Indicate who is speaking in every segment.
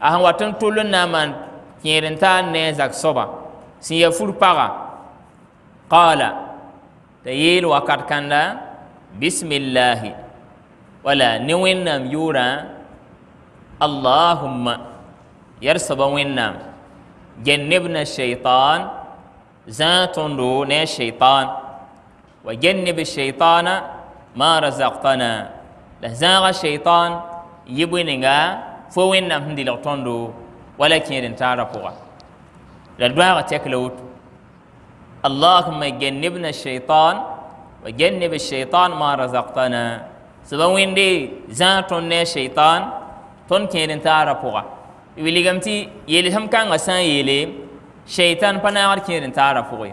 Speaker 1: a watan tulun naman tol n ne zak soba sẽn ya fur paga qaala t'a yeel wakat kãnda bismillah wala ni winnam yura allahumma yar soba winnam gennebna shaytan zã tõndo ne shaytan wa genneb shaytana ma razaqtana la zãaga shaitan yɩ fo wẽnnaam sẽn dɩlg tõndo wala kẽed n taarã pʋga la doaagã tɛk la woto allahuma gannibna shaitan wa gannib shaitan ma razaqtana soba wẽnde zãag tõnd ne a shaitan tõnd kẽed n taarã pʋga y wilgame tɩ yels sẽm kãngã sã n yeele shaitan pa naagd kẽed n taarã pʋgẽ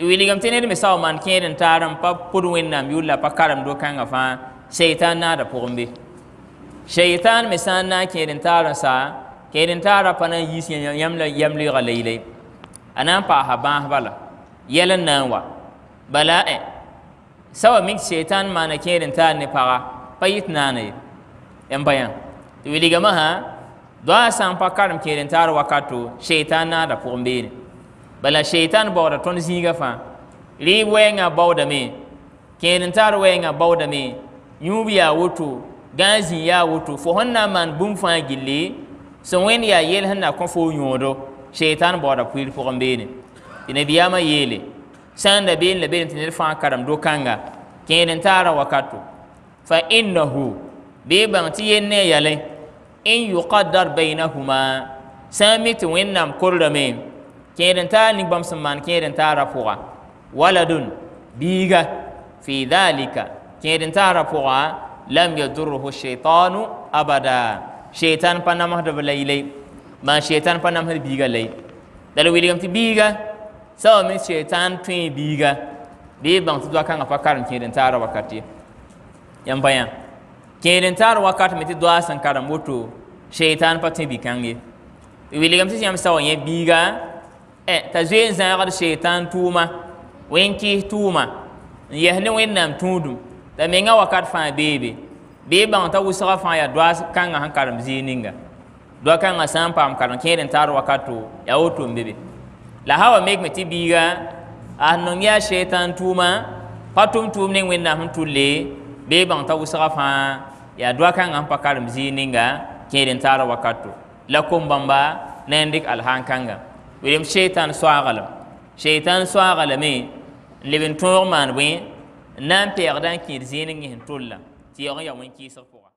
Speaker 1: y wilgame tɩ ned me sao maan kẽed n taarã n pa pʋd wẽnnaam yʋlla pa karem do kãngã fãa shaitan naada pʋgẽ be shaitan misan san na kedin tara sa kedin tara fana na yis yamla yamli galayle anan pa ha ba bala yelan nan wa bala e sawa mi shaitan ma na kedin tara ne pa fayit na ne yan bayan to wili gama ha dwa san pa karam kedin tara wakato shaitan na da pombe ne bala shaitan ba da ton zinga fa ri wenga bawda me kedin tara wenga bawda me nyubiya ya wuto gã ya yaa woto fo sẽn na n maan bũmb fãa gilli sẽn wẽnd yaa yel sẽn na kõ fo yõodo sheitan baooda pʋɩɩr pʋgẽ beene tɩ nabiyaamã yeele da been la beene tɩ ned fãa do-kãnga kẽed n taara wakato fa innahu bɩ bãng tɩ yel ne a yɛle n yuqaddar bainahuma sã n mi tɩ wẽnnaam korame kẽed n taar ning bãmb sẽn maan kẽed n taara pʋga waladun biiga fi dhalika kẽed n taara lam yadurruhu shaitanu abada shaitan shaytan namah da balailai ma shaytan panna da biga lai dal wiligam ti biga sawa min shaitan tun biga bi bang ti dwaka ngafa karam kirin tara wakati yan bayan kirin tara wakati mai ti duwa san karam moto shaytan patin bikange wiligam ti yam sawa ye biga e ta yin zan shaitan tuma wenki tuma yehne wani nam tundum la menga wakat fa bebe be ba t'a wusa fa ya doa kãngã sẽn karem zɩɩ ninga doa kãngã san pam paam karem kẽed n taar wakato yaa bebe la hawa make me tibiga biiga ah, ya shaytan tuma patum tum ne winna sẽn tʋlle bee bãng t'a wusa fa ya doa kãngã sẽn pa karem zɩɩ ninga kẽed n wakato la kom-bãmba na n dɩk alsãn kãnga welem shaytan soaglem sheetãn soaglame n leb n tõog maan Nan na n pɛɛgda n kẽed zẽeneg yẽsn tolla tɩ ya wẽn-kɩɩsg pʋga